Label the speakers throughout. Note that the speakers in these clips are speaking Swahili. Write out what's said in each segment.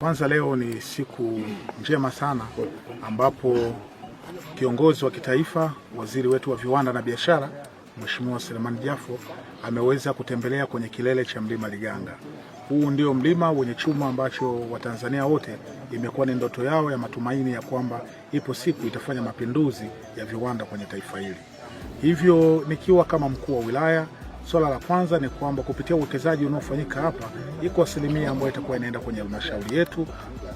Speaker 1: Kwanza leo ni siku njema sana ambapo kiongozi wa kitaifa, waziri wetu wa viwanda na biashara, Mheshimiwa Selemani Jafo ameweza kutembelea kwenye kilele cha mlima Liganga. Huu ndio mlima wenye chuma ambacho Watanzania wote imekuwa ni ndoto yao ya matumaini ya kwamba ipo siku itafanya mapinduzi ya viwanda kwenye taifa hili. Hivyo nikiwa kama mkuu wa wilaya Swala la kwanza ni kwamba kupitia uwekezaji unaofanyika hapa, iko asilimia ambayo itakuwa inaenda kwenye halmashauri yetu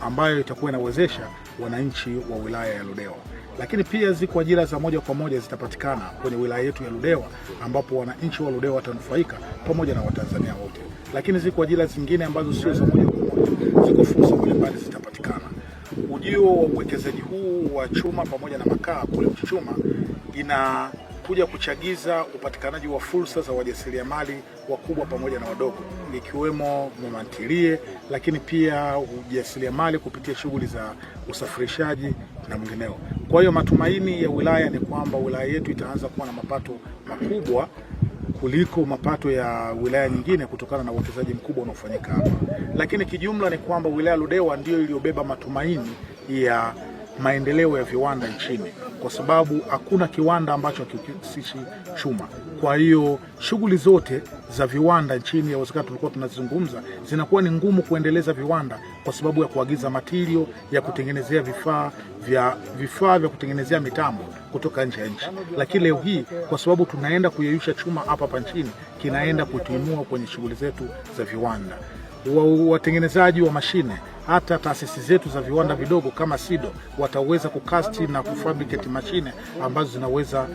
Speaker 1: ambayo itakuwa inawezesha wananchi wa wilaya ya Ludewa, lakini pia ziko ajira za moja kwa moja zitapatikana kwenye wilaya yetu ya Ludewa, ambapo wananchi wa Ludewa watanufaika pamoja na Watanzania wote. Lakini ziko ajira zingine ambazo sio za moja kwa moja, ziko fursa mbalimbali zitapatikana. Ujio wa uwekezaji huu wa chuma pamoja na makaa kule Mchuchuma ina kuja kuchagiza upatikanaji wa fursa za wajasiriamali wakubwa pamoja na wadogo, ikiwemo mamantilie, lakini pia ujasiriamali kupitia shughuli za usafirishaji na mwingineo. Kwa hiyo matumaini ya wilaya ni kwamba wilaya yetu itaanza kuwa na mapato makubwa kuliko mapato ya wilaya nyingine kutokana na uwekezaji mkubwa unaofanyika hapa, lakini kijumla ni kwamba wilaya Ludewa ndio iliyobeba matumaini ya maendeleo ya viwanda nchini, kwa sababu hakuna kiwanda ambacho hakihusishi chuma. Kwa hiyo shughuli zote za viwanda nchini, yawezekana tulikuwa tunazungumza, zinakuwa ni ngumu kuendeleza viwanda kwa sababu ya kuagiza matirio ya kutengenezea vifaa vya vifaa vya kutengenezea mitambo kutoka nje ya nchi. Lakini leo hii kwa sababu tunaenda kuyeyusha chuma hapa hapa nchini, kinaenda kutuinua kwenye shughuli zetu za viwanda watengenezaji wa mashine hata taasisi zetu za viwanda vidogo kama SIDO wataweza kukasti na kufabricate mashine ambazo zinaweza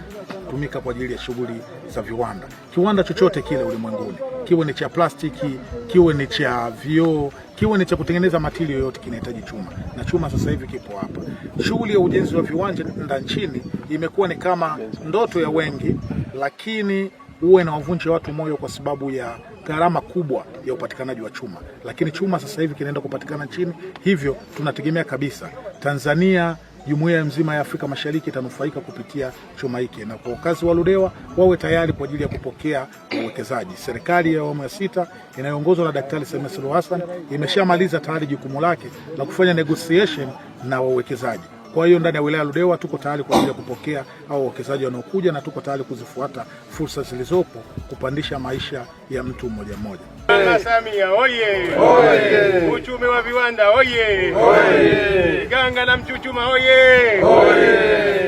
Speaker 1: kutumika kwa ajili ya shughuli za viwanda. Kiwanda chochote kile ulimwenguni, kiwe ni cha plastiki, kiwe ni cha vioo, kiwe ni cha kutengeneza matili yoyote, kinahitaji chuma, na chuma sasa hivi kipo hapa. Shughuli ya ujenzi wa viwanja nda nchini imekuwa ni kama ndoto ya wengi, lakini na wavunje watu moyo kwa sababu ya gharama kubwa ya upatikanaji wa chuma, lakini chuma sasa hivi kinaenda kupatikana chini, hivyo tunategemea kabisa Tanzania jumuiya mzima ya Afrika Mashariki itanufaika kupitia chuma hiki, na kwa wakazi wa Ludewa wawe tayari kwa ajili ya kupokea uwekezaji. Serikali ya awamu ya sita inayoongozwa na Daktari Samia Suluhu Hassan imeshamaliza tayari jukumu lake la kufanya negotiation na wawekezaji. Kwa hiyo ndani ya wilaya Ludewa tuko tayari kwa ajili ya kupokea au wawekezaji wanaokuja, na tuko tayari kuzifuata fursa zilizopo kupandisha maisha ya mtu mmoja mmoja. Mama Samia oye! Uchumi wa viwanda oye! Ganga na Mchuchuma oye!